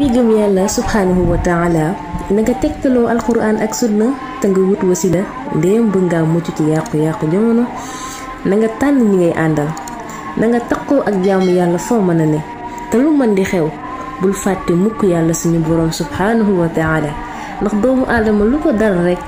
bigëm yàlla subhanahu wa ta'ala nanga tegtaloo alquran ak sunna te wut wasila ndéem bëgg ngaa mucc ci yàqu-yàqu jamono na nga tànn ñi ngay àndal na nga takkoo ak jaamu yàlla foo mën a ne subhanahu wa ta'ala dal rek